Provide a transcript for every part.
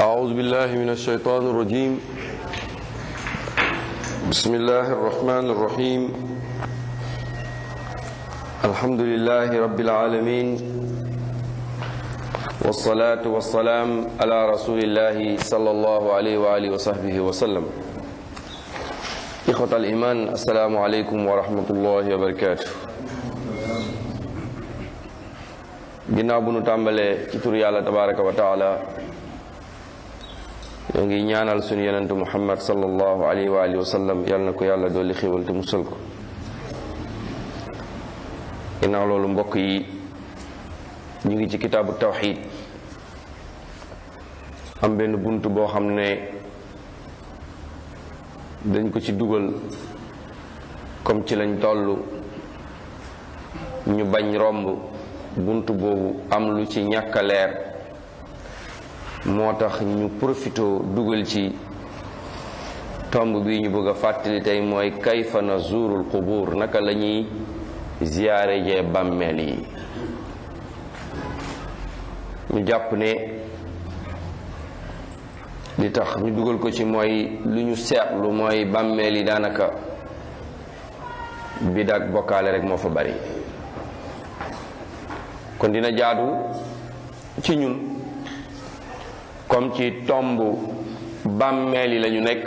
أعوذ بالله من الشيطان الرجيم بسم الله الرحمن الرحيم الحمد لله رب العالمين والصلاة والسلام على رسول الله صلى الله عليه وآله وصحبه وسلم إخوة الإيمان السلام عليكم ورحمة الله وبركاته ginnaaw bu nu tàmbalee ci tur yàlla tabaraka wa taala ñoo ngi ñaanal suñu yonentu muhammad sallallahu alayhi wa alihi wa na ko yàlla dolli xéwal te musal ko ginnaaw loolu mbokk yi ñu ngi ci kitaabu tawxid am benn bunt boo xam ne dañ ko ci dugal comme ci lañ toll ñu bañ romb bunt boobu am lu ci ñàkk leer moo tax ñu profito dugal ci tomb bii ñu bëgg a fàttali tey mooy kayfa nazuurul qubuur naka lañuy ñuy ziyaare jee bàmmeel yi ñu jàpp ne li tax ñu dugal ko ci mooy lu ñu seetlu mooy bàmmeel yi daanaka bi daag bokkaale rek moo fa bari kon dina jaadu ci ñun comme ci tomb bàmmeel yi la nekk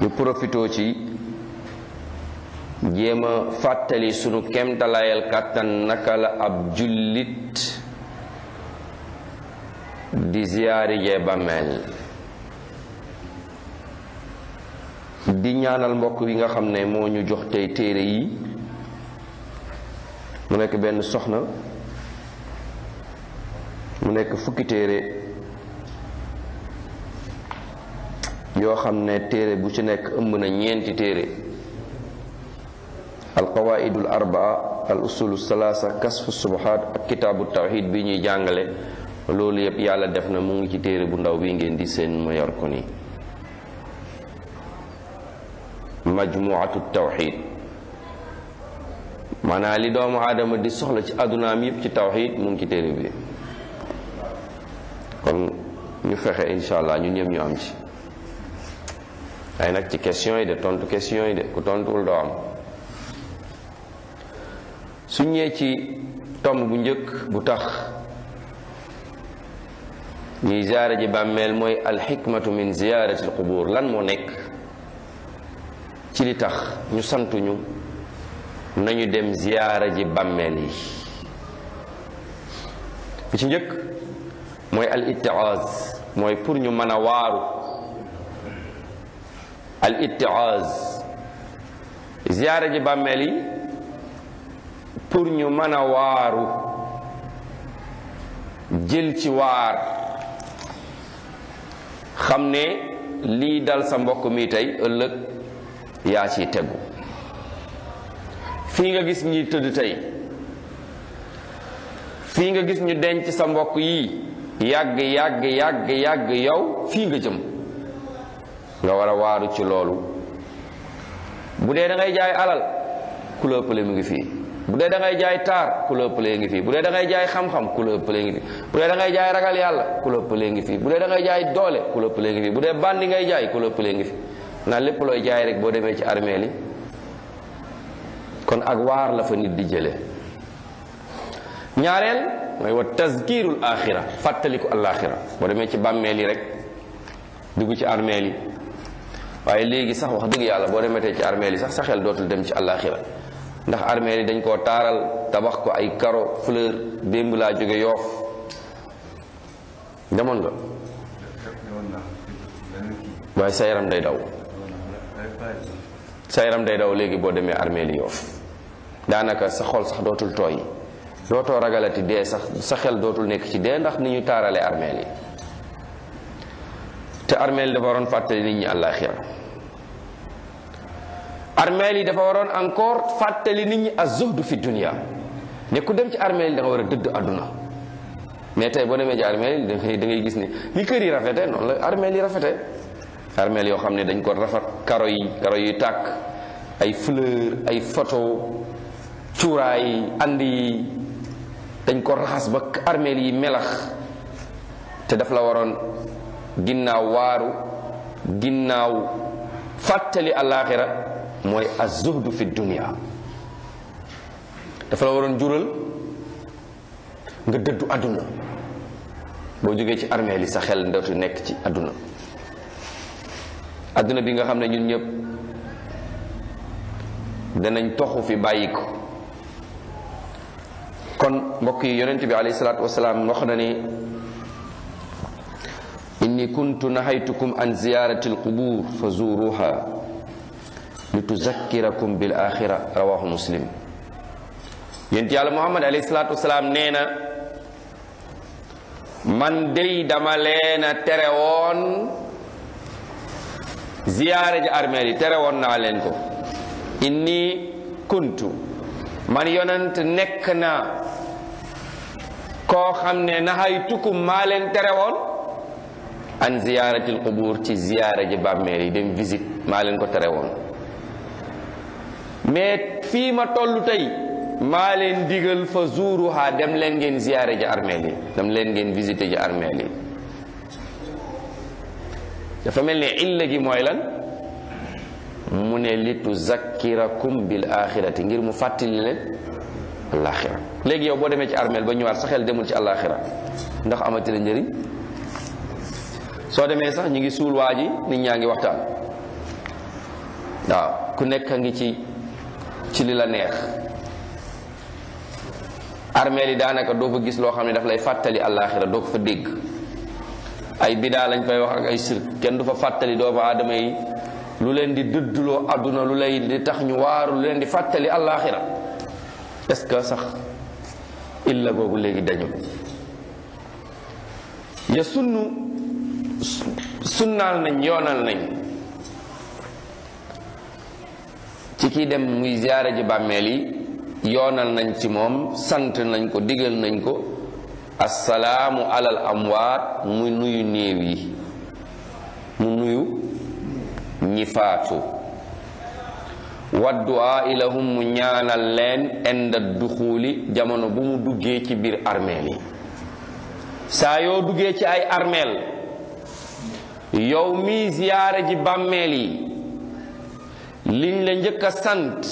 ñu profitoo ci jéem a fàttali sunu kemtalaayal kàttan naka la ab jullit di ziyaari jee bàmmeel di ñaanal mbokk yi nga xam ne moo ñu jox tey téere yi mu nekk benn soxna nekk fukki téere yoo xam ne téere bu ci nekk ëmb na ñeenti téere alqawaidu l arbaa al usulu salaasa kasfu subahaat ak kitaabu tawxid bi ñuy jàngale loolu yépp yàlla def na mu ngi ci téere bu ndaw bi ngeen di seen ma yor ko nii majmuatu tawxid maanaa li doomu aadama di soxla ci àddunaam yépp ci tawxid mu ngi ci téere bi kon ñu fexe incha allah ñun ñëpp ñu am ci waaye nag ci question yi de tontu question yi de ku tontuwul doo am suñee ci tomb bu njëkk bu tax ñuy ziyaara ji bàmmeel mooy alxikmatu min ziyaarati alqubuur lan moo nekk ci li tax ñu santuñu nañu dem ziyaara ji bàmmeel yi bu ci njëkk mooy al mooy pour ñu mën a waaru al ziyaara ji bàmmeel yi pour ñu mën a waaru jël ci waar xam ne lii dal sa mbokk mi tey ëllëg yaa ciy tegu fii nga gis ñi tëdd tey fii nga gis ñu denc sa mbokk yi yàgg yàgg yàgg yàgg yow fii nga jëm nga war a waaru ci loolu bu dee da ngay jaay alal ku la ëppale mu ngi fii bu dee da ngay jaay taar ku la ëppalee ngi fii bu dee da ngay jaay xam-xam ku fii bu dee da jaay ragal yàlla ku la ëppalee ngi fii bu dee da jaay doole ku la ëppalee ngi fii bu dee bandi ngay jaay ku la ëppalee ngi fi na lépp looy jaay rek boo demee ci armée li kon ak waar la fa nit di jële ñaareel mooy wa tazkirul axira fàttaliku al'axira boo demee ci bàmmeel yi rek dugg ci armeel yi waaye léegi sax wax dëgg yàlla boo demee tey ci armeel yi sax saxeel xel dootul dem ci al'axira ndax armeel yi dañ koo taaral tabax ko ay karo fleur démb laa jóge yoof demoon nga waaye sa yaram day daw sa yaram day daw léegi boo demee armeel yi yoof daanaka sa xol sax dootul tooy dootoo ragalati dee sax sa xel dootul nekk ci dee ndax ni ñu taarale armeel yi te armeel yi dafa waroon fàttali nit ñi armeel yi dafa waroon encore fàttali nit ñi azuhdu fi dunia ne ku dem ci armeel yi da war a dëdd àdduna mais tey boo demee ci armeel yi dangay da ngay gis ni ni kër yi rafete noonu la armeel yi rafete armeel yoo xam ne dañ ko rafet karo yi karo yuy tàkk ay fleur ay photo cuuraay and dañ ko raxas ba armeel yi melax te daf la waroon ginnaaw waaru ginnaaw fàttali alaaxira mooy azuhdu fi dunia dafa la waroon jural nga dëddu àdduna boo jógee ci armeel yi sa xel ndootu nekk ci àdduna àdduna bi nga xam ne ñun ñëpp danañ toxu fi bàyyi kon mbokk yi yonent bi alayhi salaatu wasalaam wax na ne inni kuntu nahaytukum an ziyarati alqubur fa zuruha li tuzakkirakum bil rawahu muslim yonent yàlla muhammad alayhi salaatu wasalaam na man dey dama leena tere woon ziyaare ji armeel yi tere woon leen ko inni kuntu man yonent nekk koo xam ne nahaytukum maa leen tere woon an ziyaaratil qubuur ci ziyaara ji bàmmeel yi dem visite maa leen ko tere woon mais fii ma toll tey maa leen digal fa zuuruha dem leen ngeen ziyaare ji armeel yi dem leen ngeen visite ji armeel yi dafa mel ne illa gi mooy lan mu ne li tuzakkirakum bil axirati ngir mu fàttali leen àllaaxira léegi yow boo demee ci armeel ba ñëwaat sa xel demul ci àllaaxira ndax amati na njëriñ soo demee sax ñu ngi suul waa ji nit ñaa ngi waxtaan waaw ku nekk a ngi ci ci li la neex armeel yi daanaka doo fa gis loo xam ne daf lay fàttali àllaaxira doo ko fa dégg ay bidaa lañ fay wax ak ay sirk kenn du fa fàttali doomu aadama yi lu leen di dëdduloo àdduna lu lay di tax ñu waaru lu leen di fàttali àllaaxira est-ce que sax illa boobu léegi dañu ya sunnu sunnaal nañ yoonal nañ ci kii dem muy ziyaare ji bàmmeel yi yoonal nañ ci moom sant nañ ko diggal nañ ko assalaamu alal amwaat mu nuyu néew yi mu nuyu ñi faatu wadduwaa ilahum mu ñaanal leen inda duxuuli jamono bu mu duggee ci biir armeel yi saa yoo duggee ci ay armeel yow mi ziyaare ji bàmmeel yi liñ la njëkk a sant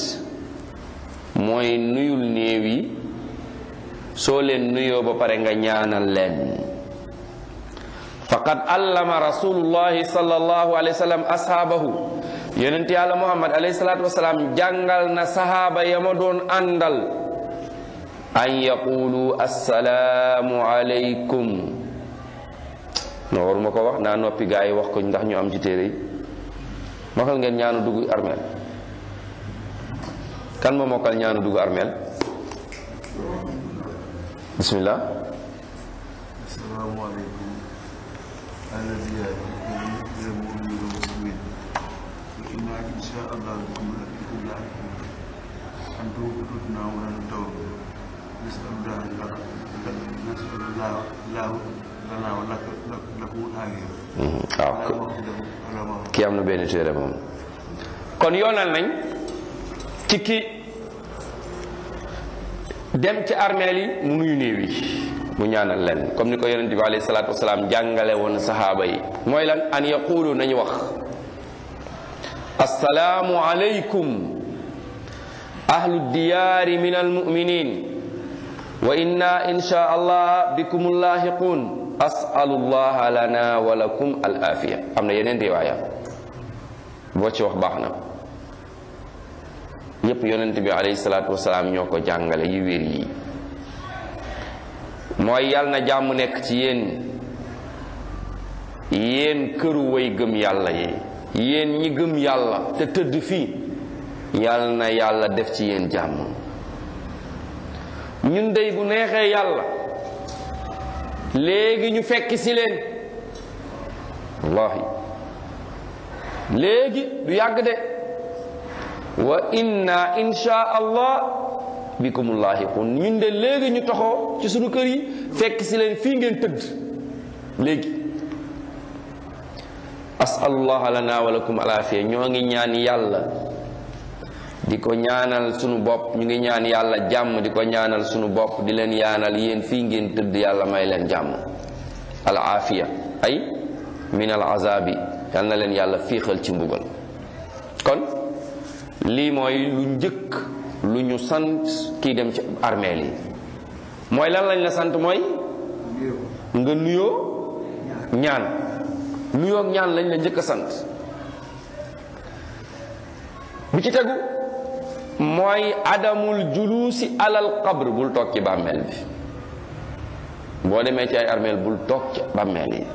mooy nuyul néew yi soo leen nuyoo ba pare nga ñaanal leen faqad allama rasulullahi sallallahu alayhi wa yonent yàlla muhammad alayhi salaatu wasalaam jàngal na sahaaba ya ma doon àndal an yaqulu assalaamu aleykum no waruma ko wax naa noppi gaa yi wax ko ndax ñu am ci téere yi mokkal ngeen ñaanu dugg armeel kan moo mokkal ñaanu dugg armeel bismillah assalaamu aleykum insha allah kuma illa an dubu dudna wani tawabu nasalullah nasalullah lahu lana wa lakum alhamid waaw kii am na benn téere moom kon yoonal nañ ci ki dem ci armeel yi mu nuyu néew yi mu ñaanal leen comme ni ko yonente bi alayhi salaatu wasalaam jàngale woon saxaaba yi mooy lan an yaqulu nañu wax assalaamu alaykum ahlu diyaari min almuminin wa inna insha allah bikum laahiqun asalu llaha lana wa lakum al am na yeneen riwaaya boo ci wax baax na yépp yonent bi alayhi salaatu wasalaam ñoo ko jàngale yu wér yi na jàmm nekk ci yéen yéen këru way gëm yàlla yi yéen ñi gëm yàlla te tëdd fii yàlla na yàlla def ci yéen jàmm ñun dey bu neexee yàlla léegi ñu fekk si leen wallahi léegi du yàgg de wa inna insha allah bikum laahiqun ñun de léegi ñu toxoo ci sunu kër yi fekk si leen fii ngeen tëdd léegi asalullaha lana walakum alaafiya ñoo ngi ñaan yàlla di ko ñaanal sunu bopp ñu ngi ñaan yàlla jàmm di ko ñaanal sunu bopp di leen yaanal yéen fii ngeen tëdd yàlla may leen jàmm alaafiya ay min al azabi leen yàlla fiixal ci mbugal kon lii mooy lu njëkk lu ñu sant kii dem ci armeel yi mooy lan lañ la sant mooy nga nuyoo ñaan nuyoog ñaan lañ la njëkk a sant bu ci tegu mooy adamul juluusi alal qabr bul toog ci bàmmeel bi boo demee ci ay armeel bul toog ci bàmmeel yi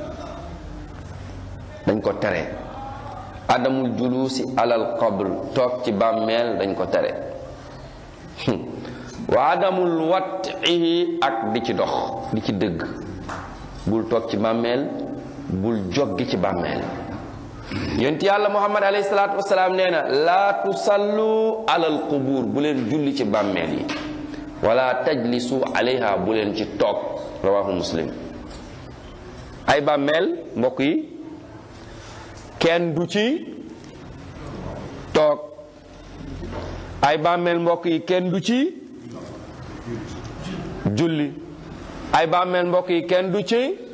dañ ko tere adamul juluusi alal qabr toog ci bàmmeel dañ ko tere wa adamul watihi ak di ci dox di ci dëgg bul toog ci bàmmeel bul joggi ci bàmmeel yont yàlla muhammad alayhi salaatu wasalaam nee na laa tusallu alal qubuur bu leen julli ci bàmmeel yi wala tajlisu alayha bu leen ci toog rawahu muslim mbokk yi kenn du ci toog ay bàmmeel mbokk yi kenn du ci julli ay bàmmeel mbokk yi kenn du ci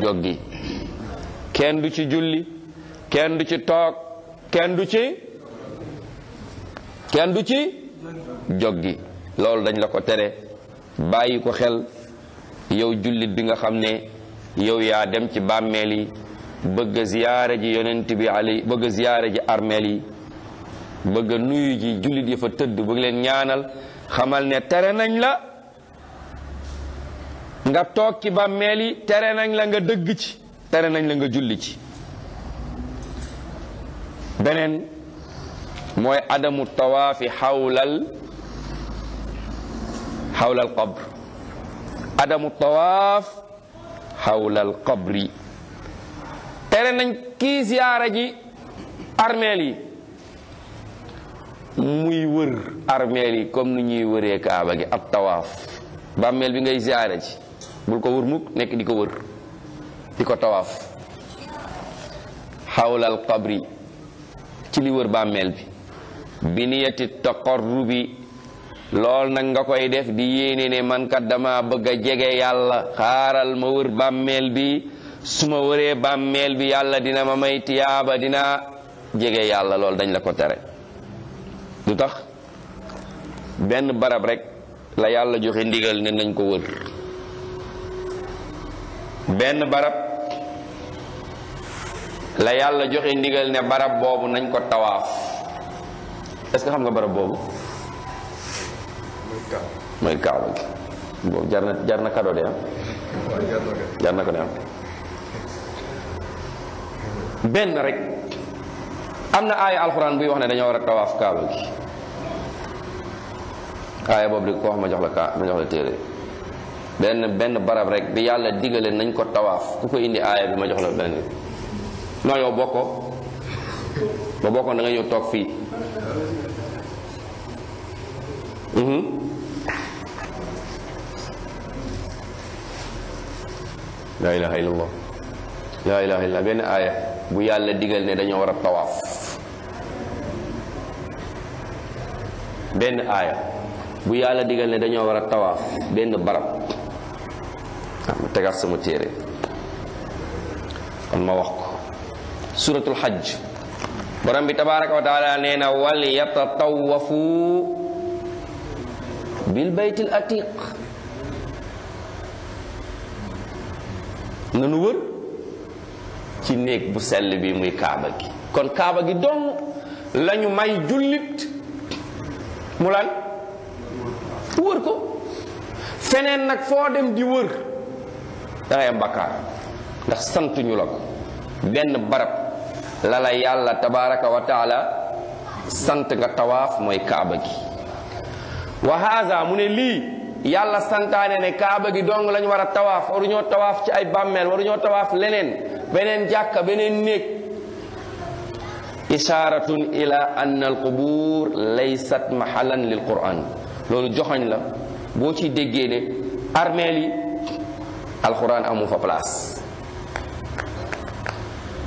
joggi kenn du ci julli kenn du ci toog kenn du ci kenn du ci joggi loolu dañ la ko tere bàyyi ko xel yow jullit bi nga xam ne yow yaa dem ci bàmmeel yi bëgg ziyaare ji yonent bi ali bëgg ziyaare ji armeel yi bëgg nuyu ji jullit yi fa tëdd bëgg leen ñaanal xamal ne tere nañ la nga toog ci bàmmeel yi tere nañ la nga dëgg ci tere nañ la nga julli ci beneen mooy adamu tawaafi xawlal xawlal qabr adamu tawaaf xawlal qabri tere nañ kii ziyaara ji armeel muy wër armeel yi comme ni ñuy wëree kaaba gi ab tawaaf bàmmeel bi ngay ziyaara ji bul ko wër mukk nekk di ko wër di ko tawaaf xawlal qabri ci li wër bàmmeel bi bi niyati taqarrubi lool nag nga koy def di yéene ne man kat dama bëgg a jege yàlla xaaral ma wër bàmmeel bi su ma wëree bàmmeel bi yàlla dina ma may tiyaaba dina jege yàlla lool dañ la ko tere du tax benn barab rekk la yàlla joxe ndigal ne nañ ko wër benn barab la yàlla joxe ndigal ne barab boobu nañ ko tawaaf est-ce xam nga barab boobu mooy kaaba gi boobu jar na jar na kado de am ah? jar na ko de am ah? benn rek am na aaya alxuraan buy wax ne dañoo war a tawaaf kaaba gi aaya boobu di ko wax ma jox la kaa ma jox la téere benn benn barab rek bi yàlla digale nañ ko tawaaf ku ko indi aaya bi ma jox la benn non yow bokkoo ba bokkoon da nga ñëw toog fii mhm. laa ilaha illallah laa benn aaya bu yàlla digal ne dañoo war a tawaaf benn aaya bu yàlla digal ne dañoo war a tawaaf benn barab ma tegaat sama téere kon ma wax ko suratul xaj borom bi tabaraka wa taala nee na wal yatatawafu bil baytil atiq nanu wër ci néeg bu sell bi muy kaaba gi kon kaaba gi dong lañu may jullit mu lan wër ko feneen nag foo dem di wër da ngay ndax santuñu la ko benn barab la la yàlla tabaraka wa sant nga tawaaf mooy kaaba gi wa mu ne lii yàlla santaane ne kaaba gi dong lañu war a tawaaf waruñoo tawaaf ci ay bàmmeel waruñoo tawaaf leneen beneen jàkka beneen néeg isharatun ila anna alqubur laysat mahalan lil quran loolu joxoñ la boo ci déggee ne armeel yi alxuraan amu fa place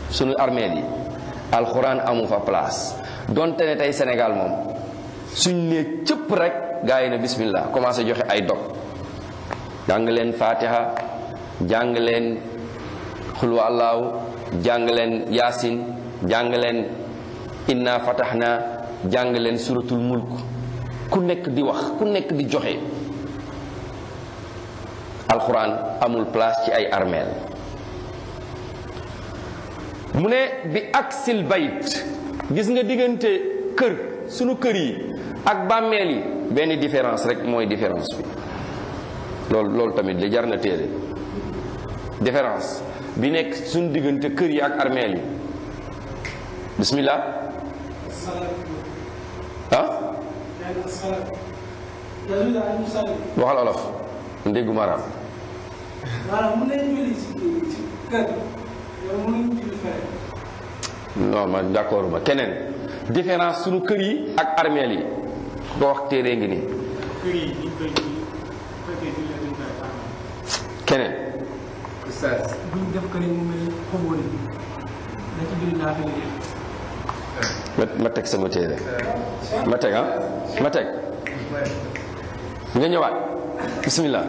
sunu armeel yi alxuraan amu fa place donte ne tey Sénégal moom suñ ne cëpp rek gaa yi na bismillah commencé joxe ay dog jàng leen faatiha jàng leen xulwa allahu jàng leen yaasin jàng leen inna fataxna jàng leen suratul mulk ku nekk di wax ku nekk di joxe alxuraan amul place ci ay armeel mu ne bi aksil bayt gis nga diggante kër sunu kër yi ak bàmmeel yi benn différence rek mooy différence bi loolu loolu tamit li jar na téere différence bi nekk suñu diggante kër yi ak armeel yi bismillah waxal olof ndéggu maraam. non man d'accord ma keneen différence suñu kër yi ak armeel yi doo wax téere ngi nii. keneen. ma teg sama téere ma teg ah ma teg nga ñëwaat bismillah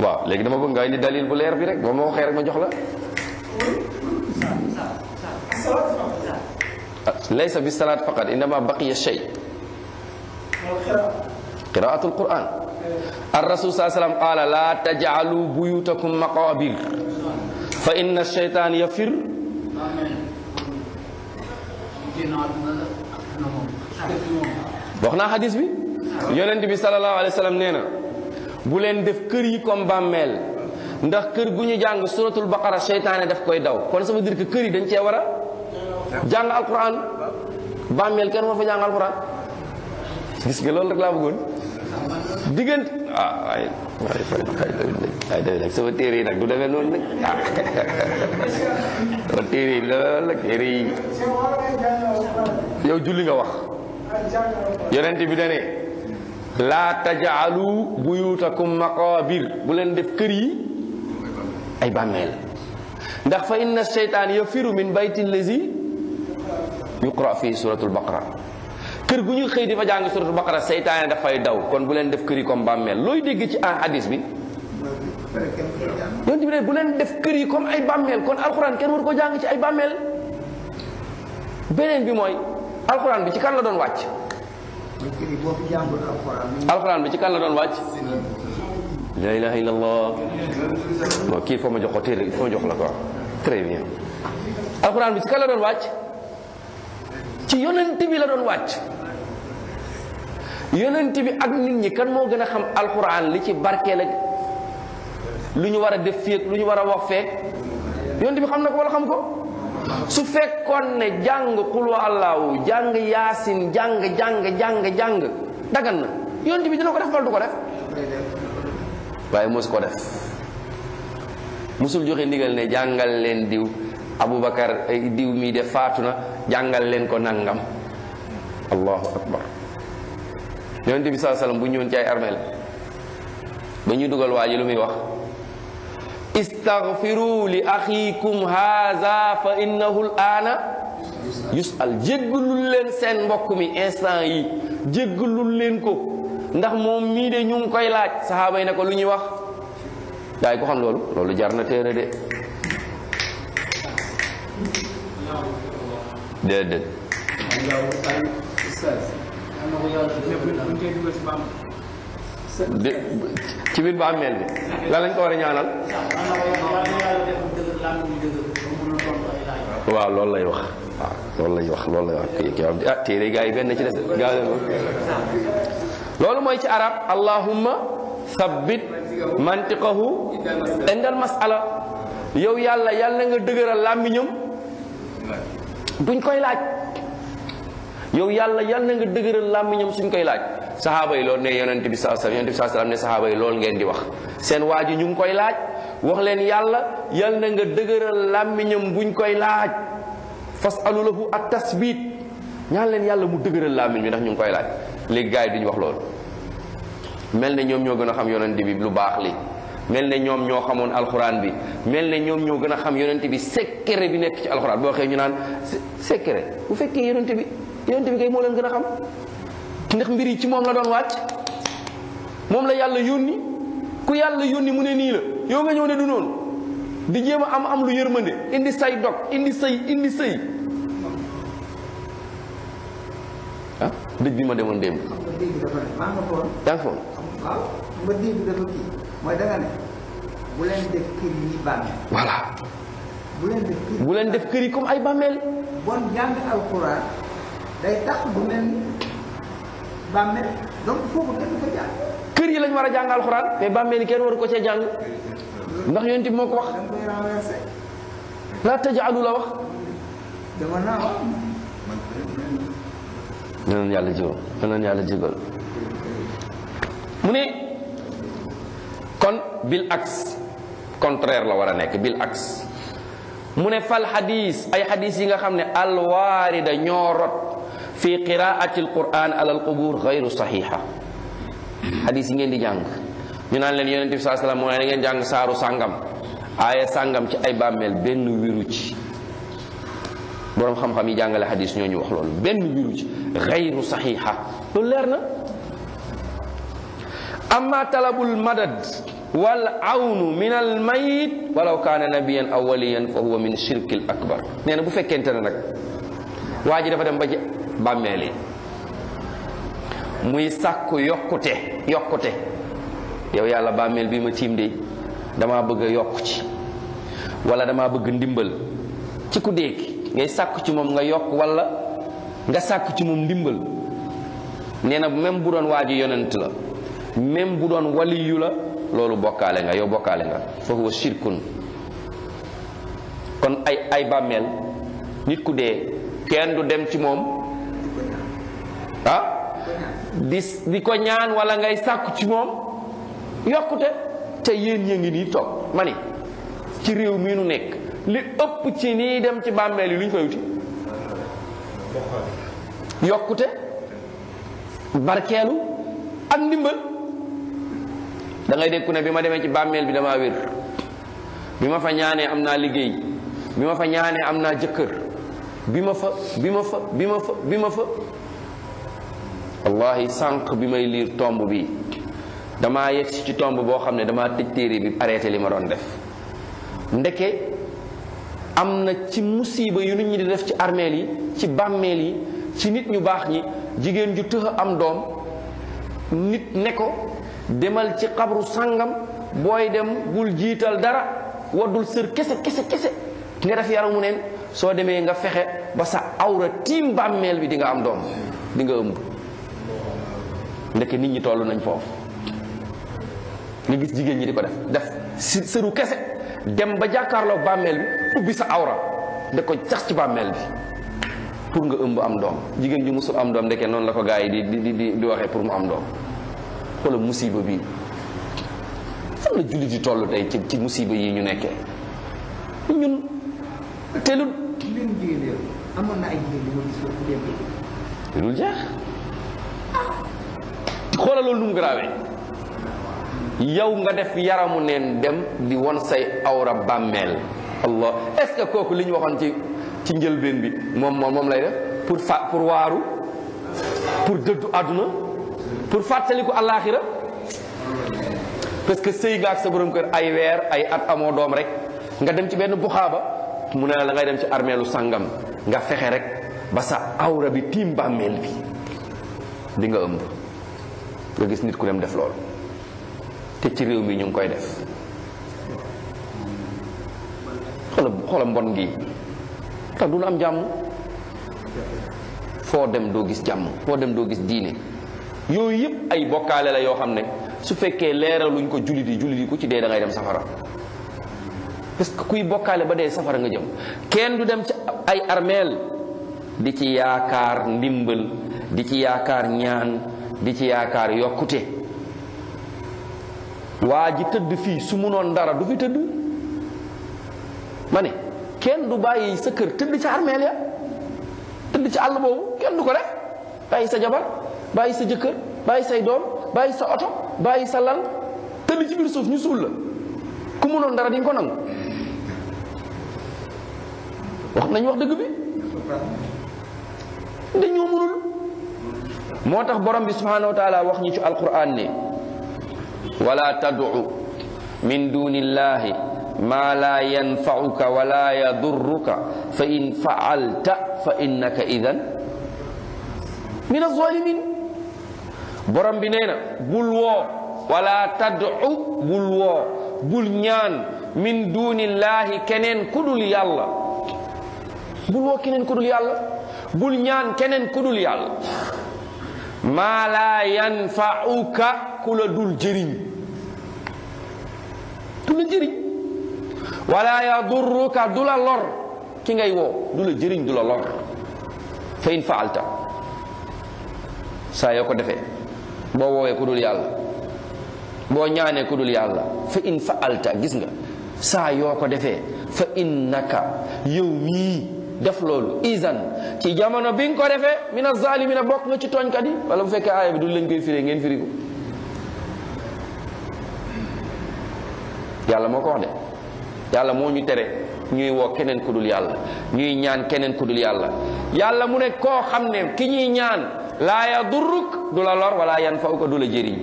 waaw léegi dama bëgg nga indi dalil bu leer bi rek moom moo xëy rek ma jox la laysa bi salaat faqat innama baqiya shay qiraatul quran الرسول صلى الله عليه وسلم قال لا تجعلوا بيوتكم مقابر فإن الشيطان يفر wax naa xadis bi yonent bi sallallahu alayhi wa sallam nee na bu leen def kër yi comme bàmmeel ndax kër gu ñu jàng suratul baqara seytaane daf koy daw kon ça veut dire que kër yi dañ cee war a jàng alquran bàmmeel kenn war fa jàng alquran gis nga loolu rek laa bëggoon diggante ah waaye waaye téere yi nag du defee noonu nag ah sama téere yi lool la téere yi yow nga wax yonent bi da la laa tajaalu buyutakum maqaabir bu leen def kër yi ay bàmmeel ndax fa inna seytaan yafiru min baytin lazi yuqra fi suratul baqara kër gu ñu xëy di fa jàng suratu baqara seytaane dafay daw kon bu leen def kër yi comme bàmmeel looy dégg ci en hadis bi yonent bi def kër yi comme ay bàmmeel kon alxuraan kenn ci ay bàmmeel bi mooy alxuraan bi ci kan la doon wàcc bi ci kan la doon wàcc la ilaha illallah bon jox la ko très bien wàcc yonent bi ak nit ñi kan moo gën a xam alxuraan li ci barkeel la lu ñu war a def feek lu ñu war a wax feek yonent bi xam na ko wala xam ko su fekkoon ne jàng xulwa allahu jàng yaasin jàng jàng jàng jàng dagan na yonent bi dina ko def wala ko def waaye mosu ko def mosul joxe ndigal ne jàngal leen diw abubakar diw mii de faatu na jàngal leen ko nangam allahu akbar yonent bi saa sallam bu ñëwoon ci ay armeel ba ñuy dugal waa lu muy wax istaghfiru li axiikum haza fa innahu l aana yusal jéggalul leen seen mbokk mi instant yi jéggalul leen ko ndax moom mii de ñu ngi koy laaj saxaaba yi ne ko lu ñuy wax gaa yi xam loolu loolu jar na téere de déedéet ci biir bàmmeel bi lan lañ ko war a ñaanal. waaw loolu lay wax waaw loolu lay wax loolu lay wax kii ah téere gaa yi benn ci des gaa leen loolu mooy ci arab allahumma sabbit mantiqahu indal masala yow yàlla yàlla nga dëgëral làmmiñam duñ koy laaj. yow yàlla yàlla na nga dëgëral làmmiñam suñ koy laaj saxaaba yi loolu ne yonente bi saa yonente bi saa salaam ne saxaaba yi loolu ngeen di wax seen waa ji ñu ngi koy laaj wax leen yàlla yàlla na nga dëgëral làmmiñam ñu koy laaj fas alu lahu ak tasbit ñaan leen yàlla mu dëgëral làmmiñ bi ndax ñu ngi koy laaj léegi gars yi duñu wax loolu mel ne ñoom ñoo gën a xam yonente bi lu baax li mel ne ñoom ñoo xamoon alxuraan bi mel ne ñoom ñoo gën a xam yonente bi secret bi nekk ci alxuraan boo waxee ñu naan secret bu fekkee yonente yonent bi kay moo leen gën a xam ndax mbir yi ci moom la doon wàcc moom la yàlla yónni ku yàlla yónni mu ne nii la yow nga ñëw ne du noonu di jéem a am am lu yërmande indi say dog indi say indi sëy ah, dëj bi ma demoon démb. yaa ngi foon. waaw bu leen def kër yi bàmmeel. comme ay bàmmeel. kër yi lañ war a jàng alxuraan mais bàmmeel yi kenn waru ko cee jàng ndax yonent bi moo ko wax. la tajaalu la wax. dama naa wax. danañ yàlla jégal yàlla jégal mu ne kon bil axe contraire la war a nekk bil axe mu ne fal xadiis ay xadiis yi nga xam ne alwaarida ñoo rot fi qiraati alquran ala alqubur gayru saxiixa xadis yi ngeen di jàng ñu naan leen yonent bi saa moo ne jàng saaru sàngam aaya sàngam ci ay bàmmeel benn wiru ci boroom xam-xam yi jàngale xadis ñoo ñu wax loolu benn wiru ci gayru saxiixa loolu leer na amma talabul madad wal awnu min al mayit walaw kaana nabiyan aw waliyan fa huwa min shirkil akbar nee na bu fekkente ne nag waa ji dem ba bàmmeel yi muy sàkku yokkute yokkute yow yàlla bàmmeel bi ma tiim de dama bëgg a yokk ci wala dama bëgg ndimbal ci ku dee ngay sàkk ci moom nga yokk walla nga sàkk ci moom ndimbal nee na même bu doon waa ji yonent la même bu doon waliyu la loolu bokkaale nga yow bokkaale nga fa huwa shirkun kon ay ay bàmmeel nit ku dee kenn du dem ci moom ah di di ko ñaan walla ngay sàkku ci moom yokkute te yéen yéen ngi nii toog ma ni ci réew mii nu nekk li ëpp ci nii dem ci bàmmeel yi lu ñu fay wuti yokkute barkeelu ak ndimbal dangay ngay ku ne bi ma demee ci bàmmeel bi damaa wér bi ma fa ñaanee am naa liggéey bi ma fa ñaanee am naa jëkkër bi ma fa bi ma fa bi ma fa bi ma fa wallahi sànq bi may liir tomb bi damaa yegsi ci tomb boo xam ne dama tëj téere bi arrêté li ma doon def ndeke am na ci musiba yu nit ñi di def ci armeel yi ci bàmmeel yi ci nit ñu baax ñi jigéen ju tëx am doom nit ne ko demal ci xabru sàngam booy dem bul jiital dara waddul sër kese kese kese nga def yaramu neen soo demee nga fexe ba sa awra tiim bàmmeel bi di nga am doom di ëmb ndeke nit ñi toll nañ foofu nga gis jigéen ñi di ko def def si sëru kese dem ba jàkkaarloo bàmmeel bi ubbi sa awra da ko sax ci bàmmeel bi pour nga ëmb am doom jigéen ju musul am doom ndeke noonu la ko gaa yi di di di di waxee pour mu am doom wala musiba bii fan la jullit di toll tey ci ci musiba yi ñu nekkee ñun te lu. amoon na lu jeex. xoolal loolu nu yow nga def yaramu neen dem di won say awra bàmmeel allah est kooku li ñu waxoon ci ci njëlbeen bi moom moom moom lay def pour fa pour waaru pour dëddu àdduna pour fàttaliku àllaaxira parce que sëy nga ak sa borom kër ay weer ay at amoo doom rek nga dem ci benn buxaaba mu ne la da ngay dem ci armeelu sàngam nga fexe rek ba sa awra bi tiim bàmmeel bi di nga ëmb nga gis nit ku dem def lool te ci réew mi ñu ngi koy def xoola xoola mbon gi tax du nu am jàmm foo dem doo gis jàmm foo dem doo gis diine yooyu yëpp ay bokkaale la yoo xam ne su fekkee leeraluñ ko jullit yi jullit yi ku ci dee da dem safara parce que kuy bokkaale ba dee safara nga jëm kenn du dem ci ay armeel di ci yaakaar ndimbal di ci yaakaar ñaan di ci yaakaar yokkute waa ji tëdd fii su munoon dara du fi tëdd ma ne kenn du bàyyi sa kër tëdd ca armeel ya tëdd ci àll boobu kenn du ko def bàyyi sa jabar bàyyi sa jëkkër bàyyi say doom bàyyi sa oto bàyyi sa lal tëdd ci biir suuf ñu suul la ku munoon dara di nga ko nangu wax nañu wax dëgg bi dañoo mënul moo tax borom bi subhanahu wa taala wax ñi ci alquran ne wala tad'u min dunillahi ma la yanfa'uka wala yadurruka fa in fa'alta fa innaka idan min az-zalimin borom bi nee na bul woo wala tad'u bul woo bul ñaan min dunillahi keneen ku dul yàlla bul woo keneen ku dul yàlla bul ñaan keneen ku dul yàlla maa laa yanfauka ku la dul jëriñ du la wala yadurruka du lor ki ngay woo du la jëriñ lor fa in faalta saa yoo ko defee boo woowee ku dul yàlla boo ñaanee ku dul yàlla fa in faalta gis nga saa yoo ko defee fa innaka yow mii def loolu isan ci jamono bi nga ko defee mina zaalimina bokk nga ci tooñkat yi wala bu fekkee aaya bi du lañ koy firee ngeen firi yàlla moo ko wax yàlla moo ñu tere ñuy woo keneen ku dul yàlla ñuy ñaan keneen ku dul yàlla mu ne koo xam ne ki ñuy ñaan laa ya durruk du la lor wala yan faw ko du la jëriñ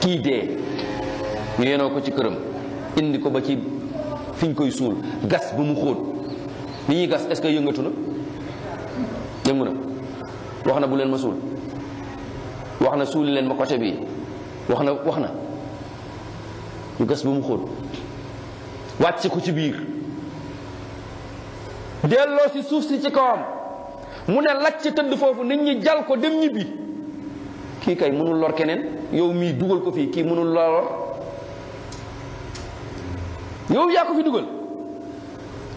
kii dee ñu yenoo ko ci këram indi ko ba ci fiñ koy suul gas bu mu xóot li ñuy gas est-ce que yëngatu na yëngu na wax na bu leen ma suul wax na suuli leen ma côté bii wax na wax na ñu gas bu mu xóot wàcc ko ci biir delloo si suuf si ci kawam mu ne lacc tëdd foofu nit ñi jal ko dem ñibbi kii kay mënul lor keneen yow mii dugal ko fii kii mënul lor yow yaa ko fi dugal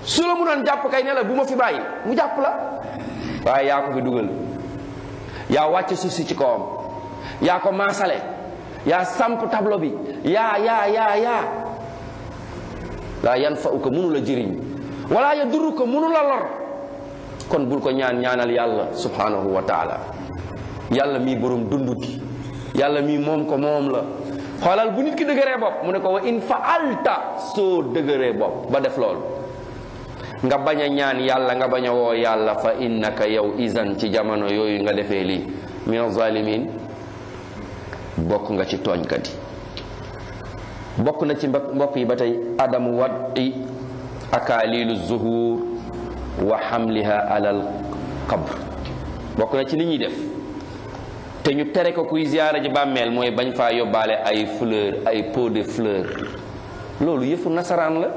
su la mu doon jàpp kay ne la bu ma fi bàyyi mu jàpp la waaye yaa ko fi dugal yaa wàcc suuf si ci kawam yaa ko maasale yaa samp tableau bi yaa yaa yaa yaa laa yan fa u ko mënu la jëriñ wala ya duru ko mënu la lor kon bul ko ñaan ñaanal yàlla subhanahu wa taala yàlla mii borom dund gi yàlla mii moom ko moom la xoolal bu nit ki dëgëree bopp mu ne ko wa in faalta soo dëgëree bopp ba def loolu nga bañ a ñaan yàlla nga bañ a woo yàlla fa innaka yow izan ci jamono yooyu nga defee lii min zalimin bokk nga ci tooñkat yi bokk na ci mbokk yi ba tey adamu wadi akaalilu zuhur wa xamliha alal qabr bokk na ci li ñuy def te ñu tere ko kuy ziyaara ji bàmmeel mooy bañ faa yóbbaale ay fleur ay pot de fleur loolu yëfu nasaraan la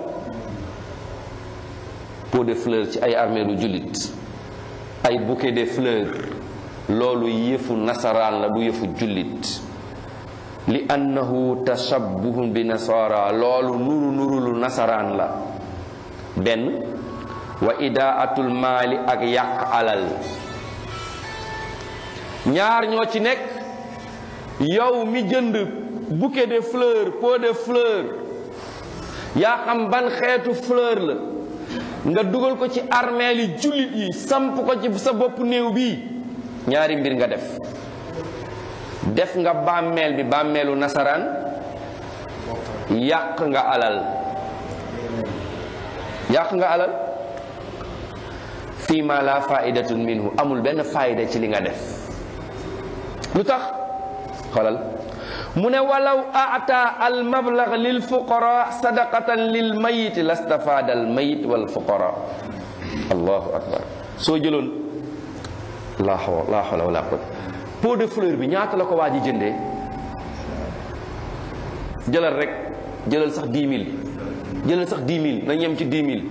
pot de fleurs ci ay armeelu jullit ay bouquet de fleurs loolu yëfu nasaraan la du yëfu jullit li annahu tashabbuhun bi nasara loolu nuru nuru lu nasaraan la benn wa idaatul maali ak yàq alal ñaar ñoo ci nekk yow mi jënd bouquet de fleurs pot de fleurs yaa xam ban xeetu fleur la nga dugal ko ci armeel yi jullit yi samp ko ci sa bopp néew bii ñaari mbir nga def def nga bàmmeel bi bàmmeelu nasaraan yàq nga alal yàq nga alal fii ma la faidatun minhu amul benn faida ci li nga def lu tax xoolal mu ne walla ata al mablag lil fuqara sadaqatan lil mayit lastafaada al mayit wal fuqara allahu akbar soo jëloon laa hawla wala quwwata pot de fleur bi ñaata la ko waa ji jënde jëlal rek jëlal sax 10 000 jëlal sax 10 000 nañ yem ci 10 000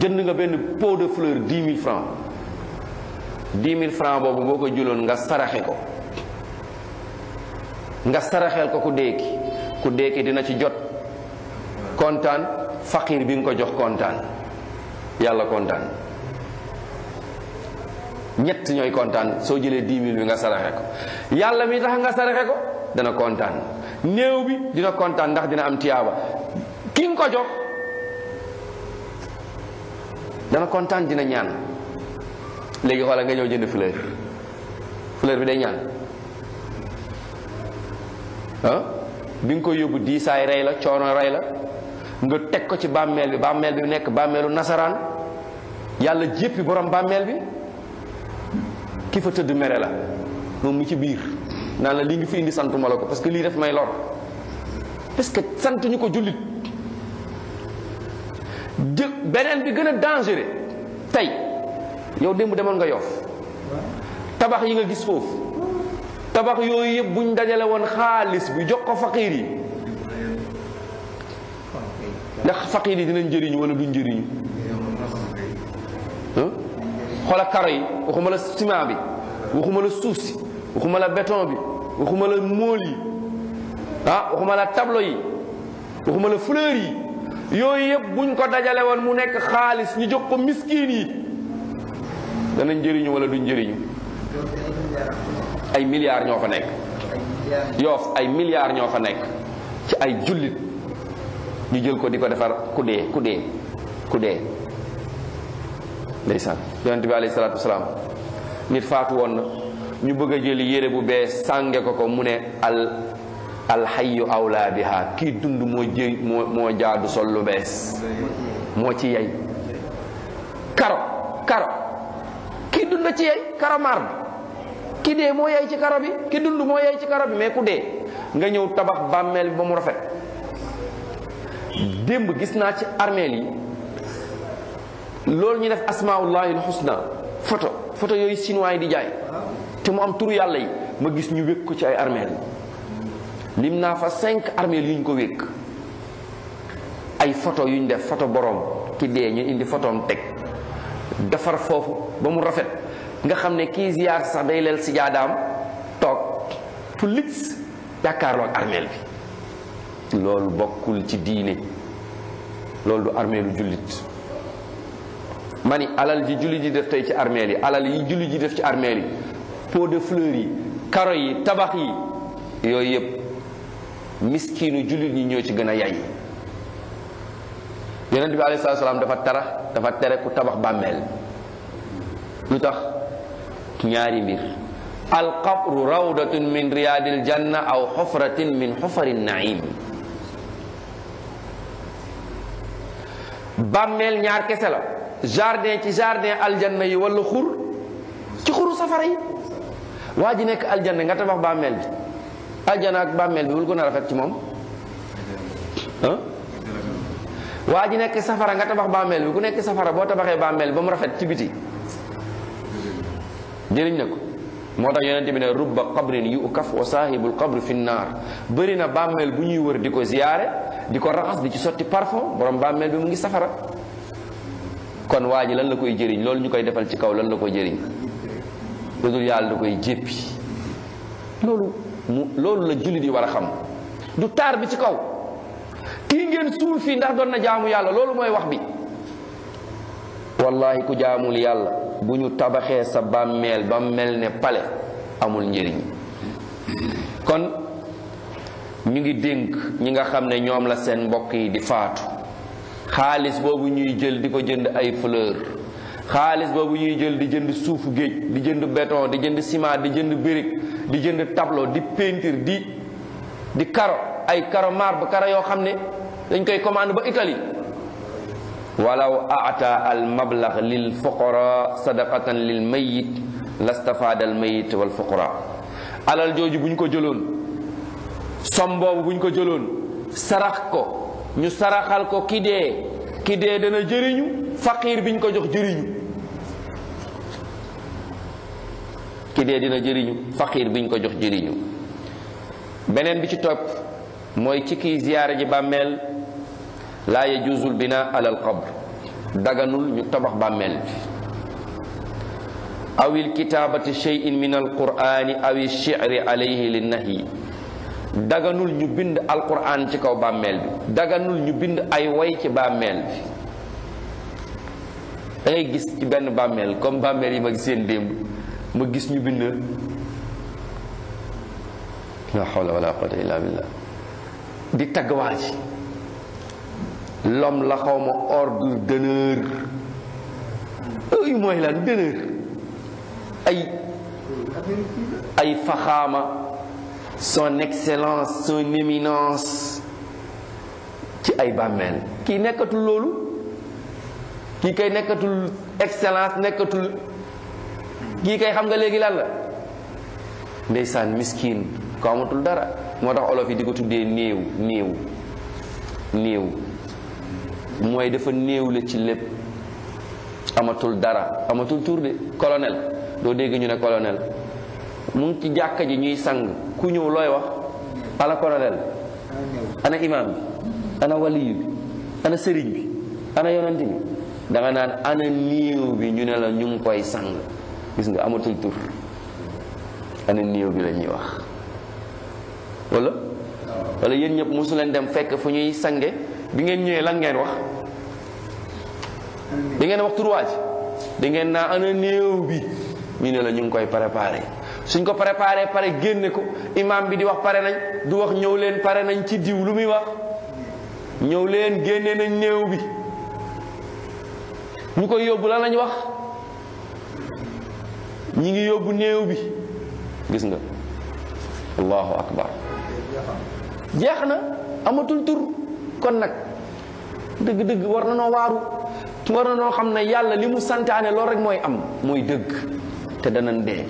jënd nga benn pot de fleur 10 000 francs 10 francs boobu boo ko jëloon nga saraxe ko nga saraxeel ko ku déeki ku déeki dina ci jot kontaan faqiir bi nga ko jox kontaan yàlla kontaan ñett ñooy kontaan soo jëlee dix mille bi nga saraxe ko yàlla mi tax nga saraxe ko dana kontaan néew bi dina kontaan ndax dina am tiyaaba ki nga ko jox dana kontaan dina ñaan léegi xoola nga ñëw jënd fleur fleur bi day ñaan bi nga koy yóbbu diisaay rey la coono rey la nga teg ko ci bàmmeel bi bàmmeel bi nekk bàmmeelu nasaraan yàlla jéppi borom bàmmeel bi ki fa tëdd mere la moom mu ci biir naan la lii ngi fi indi santuma la ko parce que lii def may lor parce que sant ñu ko jullit jë beneen bi gën a dangereux tey yow démb demoon nga yoof tabax yi nga gis foofu tabax yooyu yëpp buñ dajale woon xaalis bi jox ko faqiir yi ndax faqiir yi dinañ jëriñu wala duñ jëriñu xoola karo yi waxuma bi waxuma la suuf si waxuma la béton bi waxuma la mool yi ah waxuma la yi waxuma la fleur yi yooyu yëpp buñ ko dajale woon mu nekk xaalis ñu jox ko miskiin yi danañ jëriñu wala duñ jëriñu ay milliards ñoo fa nekk yoof ay milliards ñoo fa nekk ci ay jullit ñu jël ko di ko defar ku dee ku dee ku dee ndeysaan yonent bi alayhi salaatu wasalaam nit faatu woon na ñu bëgg a jël yére bu bees sànge ko ko mu ne al alxayu awlaa biha kii dund moo jaadu sol lu bees moo ci yey karo karo kii dund ci yey karo maar ki dee moo yay ci karo bi ki dund moo yay ci karo bi mais ku dee nga ñëw tabax bàmmeel bi ba mu rafet démb gis naa ci armeel yi loolu ñu def asmaullahil husna foto photo yooyu chinois yi di jaay te mu am turu yàlla yi ma gis ñu wékk ko ci ay armeel lim naa fa cinq armeel yu ñu ko wékk ay photo yu ñu def photo boroom ki dee ñu indi photoom teg defar foofu ba mu rafet nga xam ne kii ziyaar sax day leel sijaadaam toog fu lis jàkkaarloo armeel bi loolu bokkul ci diine loolu du armeelu jullit ma ni alal yi jullit yi def tey ci armeel yi alal yi jullit yi def ci armeel yi pot de fleurs yi karo yi tabax yi yooyu yëpp miskiinu jullit ñi ñoo ci gën a yay yonent bi alayhi salaam dafa tara dafa tere ku tabax bàmmeel lu tax ñaari mbir alqabru rawdatun min riyadil janna aw xufratin min xufari naim bàmmeel ñaar kese la jardin ci jardin aljanna yi wala xur ci xuru safara yi waa ji nekk aljanna nga tabax bàmmeel bi aljanna ak bàmmeel bi wul gën a rafet ci moom waa ji nekk safara nga tabax bàmmeel bi ku nekk safara boo tabaxee bàmmeel ba mu rafet ci biti jëriñ na ko moo tax yonente bi ne rubba qabrin yukaf wa saahibul qabri fi naar bëri na bàmmeel bu ñuy wër di ko ziyaare di ko raxas di ci sotti parfum borom bàmmeel bi mu ngi safara kon waa ji lan la koy jëriñ loolu ñu koy defal ci kaw lan la ko jëriñ lu dul yàlla da koy jéppi loolu mu loolu la jullit yi war a xam du taar bi ci kaw kii ngeen suul fii ndax doon na jaamu yàlla loolu mooy wax bi wallahi ku jaamul yàlla bu ñu tabaxee sa bàmmeel ba mel ne pale amul njëriñ kon ñu ngi dénk ñi nga xam ne ñoom la seen mbokk yi di faatu xaalis boobu ñuy jël di ko jënd ay fleur xaalis boobu ñuy jël di jënd suuf géej di jënd béton di jënd ciment di jënd brique di jënd tableau di peinture di di karo ay karo marbre karo yoo xam ne dañ koy commande ba Italie walaw aata al mablag lil fuqara sadaqatan lil mayit lastafaada al mayit wal fuqara alal jooju bu ñu ko jëloon som boobu bu ñu ko jëloon sarax ko ñu saraxal ko ki dee ki dee jëriñu faqiir bi ko jox jëriñu ki dee dina jëriñu faqiir bi ñu ko jox jëriñu beneen bi ci toog mooy ci kii ziyaara ji bàmmeel laa yajuuzul binaa alal qabr daganul ñu tabax bàmmeel bi awil kitaabati cheyin min alqurani awi chicri alayhi li nahyi daganul ñu bind alquran ci kaw bàmmeel bi daganul ñu bind ay way ci bàmmeel bi da ngay gis ci benn bàmmeel comme bàmmeel yi ma gis seen démb ma gis ñu bind la hawla wala quwwata illa billah di tagg waa ji lom la xaw ma ordre d'honneur yooyu mooy lan d'honneur ay ay faxaama son excellence son éminence ci ay bàmmeel kii nekkatul loolu kii kay nekkatul excellence nekkatul kii kay xam nga léegi lan la ndeysaan miskin ko amatul dara moo tax olof yi di ko tuddee néew néew néew mooy dafa néew la ci lépp amatul dara amatul tuur de colonel doo dégg ñu ne colonel mu ci jàkka ji ñuy sang ku ñëw looy wax ana colonel ana imam bi ana waliyu bi ana sëriñ bi ana yonent bi da naan ana néew bi ñu ne la ñu ngi koy sang gis nga amatul tur ana néew bi lañuy ñuy wax wala wala yéen ñëpp mosu leen dem fekk fu ñuy sange bi ngeen ñëwee lan ngeen wax dangeen wax turwaa ji naa ana néew bi ñu ne la ñu ngi koy préparé suñ ko préparé pare génne ko imam bi di wax pare nañ du wax ñëw leen pare nañ ci diw lu muy wax ñëw leen génne nañ néew bi ñu koy yóbbu lan lañ wax ñi ngi yóbbu néew bi gis nga allahu akbar jeex na amatul tur kon nag dëgg-dëgg war na noo waaru war na noo xam ne yàlla li mu santaane lool rek mooy am mooy dëgg te danañ dee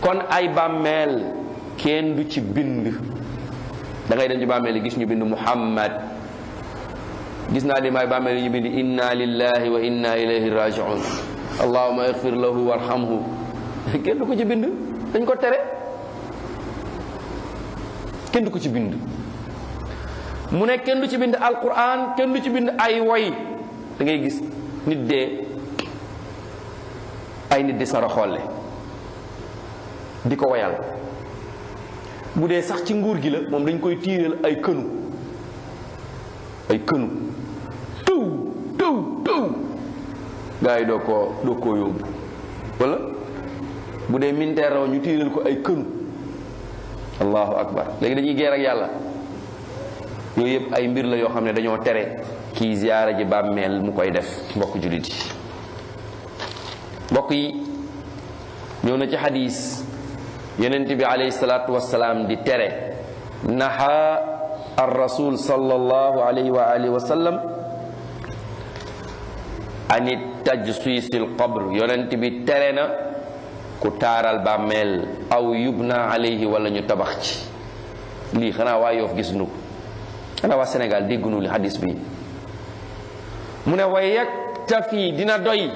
kon ay bàmmeel kenn du ci bind da dem ci bàmmeel yi gis ñu bind muhammad gis naa di may bàmmeel yi bind inna lillahi wa inna ilayhi rajiun allahuma igfir lahu warhamhu kenn du ko ci bind dañ ko tere kenn du ko ci bind mu ne kenn du ci bind alquran kenn du ci bind ay woy dangay gis nit de ay nit di sara xolle di ko woyal bu dee sax ci nguur gi la moom dañ koy tiiral ay kënu ay kënu tëw tëw tëw gaa yi doo koo doo koo yóbbu wala bu dee militaire ñu tiiral ko ay kënu allahu akbar léegi dañuy geer ak yàlla yooyu yëpp ay mbir la yoo xam ne dañoo tere kii ziyaara ji bàmmeel mu koy def mbokk jullit yi mbokk yi ñëw na ci xadiis yonent bi alayhi salaatu wassalaam di tere naxa ar rasul sallallahu alayhi wa alihi yonent bi tere na ku taaral bàmmeel aw yubna alayhi ñu tabax ci lii xanaa waa yoof gis nu xanaa waa Sénégal dégguñu li hadis bi mu ne wa yaktafi dina doy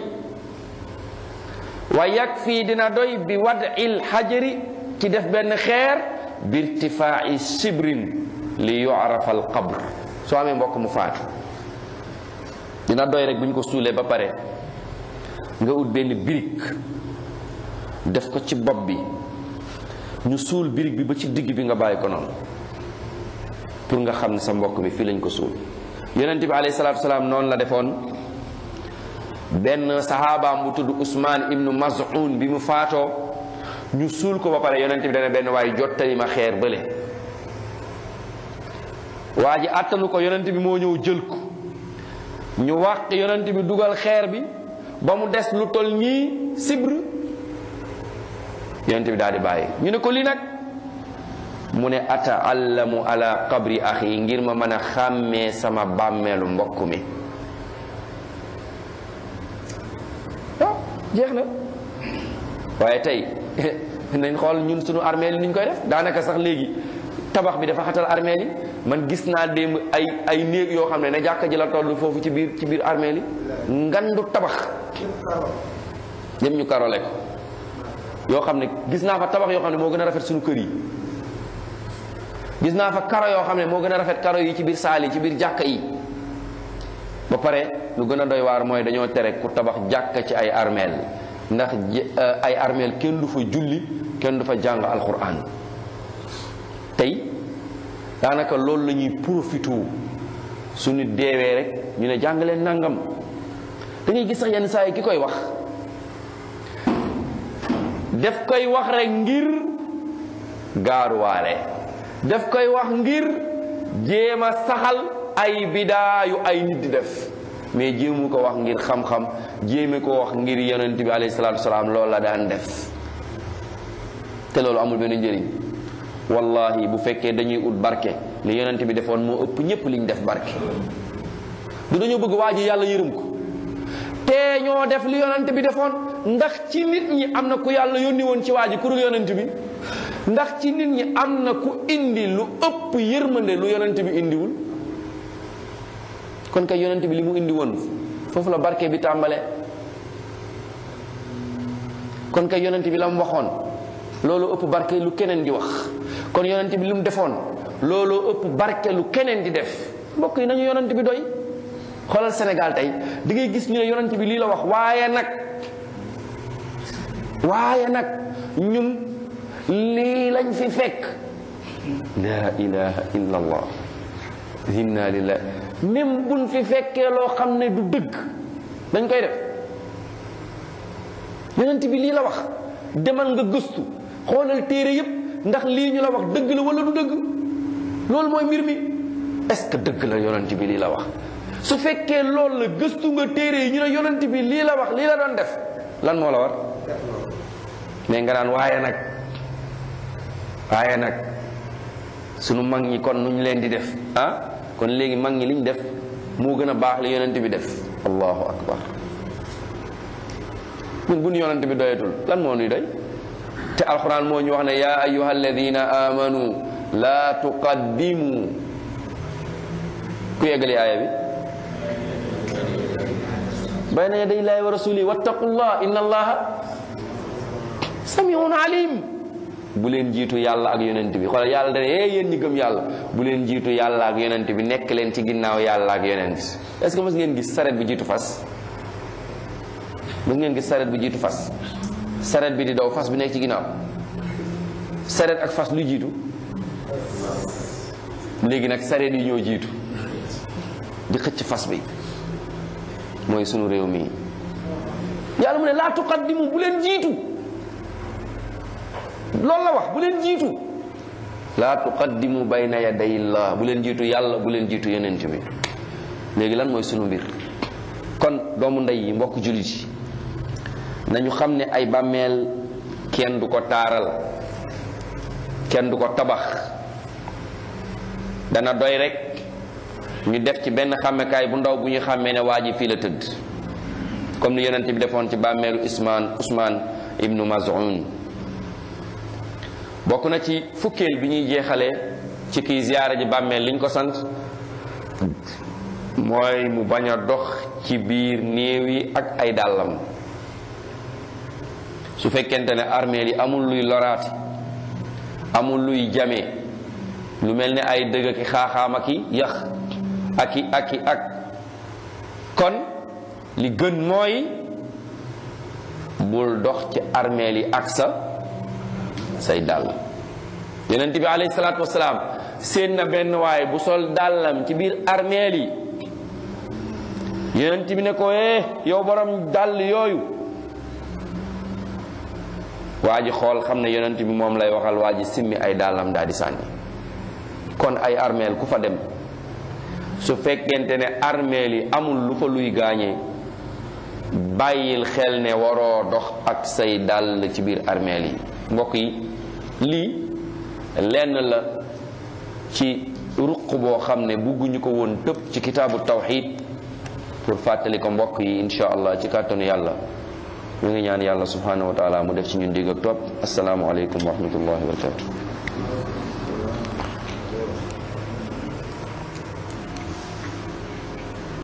wa fii dina doy bi wad'il xajari ci def benn xeer bi irtifaa'i sibrin li yu'rafa al qabr soo amee mbokk mu faatu dina doy rek bu ñu ko suulee ba pare nga ut benn birig def ko ci bopp bi ñu suul birig bi ba ci digg bi nga bàyyi ko noonu pour nga xam ne sa mbokk bi fii lañ ko suul yonent bi alayhi salaatu salaam noonu la defoon benn saxaabaam bu tudd Usmaan ibnu Maz'un bi mu faatoo ñu suul ko ba pare yonent bi dana benn waaye jottali ma xeer bële waa ji àttanu ko yonent bi moo ñëw jël ko ñu wax yonent bi dugal xeer bi ba mu des lu tol nii sibre yonent bi daal di bàyyi ñu ne ko lii nag mu ne ataallamu ala qabri axi ngir ma mën a xàmmee sama bàmmeelu mbokk mi waaw ah, jeex na waaye tey nañ xool ñun suñu armeel yi nuñ koy def daanaka sax léegi tabax bi dafa xatal armeel yi man gis naa démb ay ay néeg yoo xam ne ne jàkka jëlal la foofu ci biir ci biir armeel yi ngandu tabax dem ñu karole ko yoo xam ne gis naa fa tabax yoo xam ne moo gën a rafet suñu kër yi gis naa fa karo yoo xam ne moo gën a rafet karo yi ci biir saal yi ci biir jàkka yi ba pare lu gën a doy waar mooy dañoo tere ku tabax jàkk ci ay armeel ndax euh, ay armeel kenn du fa julli kenn du fa jàng alquran tey daanaka loolu la ñuy su nit deewee rek ñu ne jàng leen nangam da gis sax yenn saa yi ki koy wax def koy wax rek ngir gaaruwaale daf koy wax ngir jéem a saxal ay bidaa yu ay nit di def mais jéemu ko wax ngir xam-xam jéeme ko wax ngir yonent bi alayhi salaatu wasalaam loolu la daan def te loolu amul benn njëriñ wallahi bu fekkee dañuy ut barke li yonent bi defoon moo ëpp ñépp liñ def barke du dañoo bëgg waa ji yàlla yërëm ko te ñoo def li yonent bi defoon ndax ci nit ñi am na ku yàlla yónni woon ci waa ji ku dul yonent bi ndax ci nit ñi am na ku indi lu ëpp yërmande lu yonant bi indiwul kon kay yonent bi li mu indiwoon foofu la barke bi tàmbale kon kay yonent bi la mu waxoon loolu ëpp barke lu keneen di wax kon yonant bi lu mu defoon looloo ëpp barke lu keneen di def mbokk yi nañu yonent bi doy xoolal senegal tey di ngay gis ñu ne yonent bi lii la wax waaye nag waaye nag ñun lii lañ fi fekk la ilaha illa allah inna lillahi buñ fi fekkee loo xam ne du dëgg dañ koy def yonent bi lii la wax demal nga gëstu xoolal téere yépp ndax lii ñu la wax dëgg la wala du dëgg loolu mooy mbir mi est-ce que dëgg la yonent bi lii la wax su fekkee loolu la gëstu nga téere yi ñu ne yonent bi lii la wax lii la doon def lan moo la war mais nga daan waaye nag waaye nag sunu mag ñi kon nuñ leen di def ah, kon léegi mag ñi liñ def moo gën a baax li yonent bi def allahu akbar bu ñu yonent bi doyatul lan moo nuy doy te alquran moo ñu wax ne yaa ayuha alladina amanu laa tuqaddimu ku yeggali aaya bi bayna yaday illaahi wa rasulihi wattaqu llah inna allaha samiun alim bu leen jiitu yàlla ak yonent bi xoolal yàlla dana eh yéen ñi gëm yàlla bu leen jiitu yàlla ak yonent bi nekk leen ci ginnaaw yàlla ak yonent est-ce que mës ngeen gis saret bu jiitu fas mës ngeen gis saret bu jiitu fas saret bi di daw fas bi nekk ci ginnaaw saret ak fas lu jiitu léegi nag saret yi ñoo jiitu di xëcc fas bi mooy sunu réew mi yàlla mu ne laa tuqaddimu bu leen jiitu. loolu la wax bu leen jiitu laa tuqaddimu bayna yaday llah bu leen jiitu yàlla bu leen jiitu yeneen bi léegi lan mooy sunu mbir kon doomu ndey yi mbokk jullit yi nañu xam ne ay bàmmeel kenn du ko taaral kenn du ko tabax dana doy rek ñu def ci benn xàmmekaay bu ndaw bu ñu xàmmee ne waa ji fii la tëdd comme ni yonent bi defoon ci bàmmeelu usmaan Usmaan ibnu Mazun bokk na ci fukkeel bi ñuy jeexalee ci kiy ziyaara ji bàmmeel liñ ko sant mooy mu bañ a dox ci biir néew yi ak ay dàllam su fekkente ne armeel yi amul luy loraati amul luy jame lu mel ne ay dëgg aki xaaxaam aki yax aki aki ak kon li gën mooy bul dox ci armeel yi ak sa say dàll yonent bi alayhi salaatu wasalaam seen na benn waay bu sol dàllam ci biir armeel yi yonent bi ne ko eh yow borom dàll yooyu waa ji xool xam ne yonent bi moom lay waxal waa ji simmi ay dàllam daal di sànni kon ay armeel ku fa dem su fekkente ne armeel yi amul lu fa luy gaañee bàyyil xel ne waroo dox ak say dàll ci biir armeel yi mbokk yi lii lenn la ci ruq boo xam ne bugguñu ko woon tëb ci kitaabu tawxid pour fàttali ko mbokk yi insha allah ci kàttanu yàlla ñu ngi ñaan yàlla subhanahu wa taala mu def ci ñun digg ak topp asalaamualeykum wa rahmatullahi wa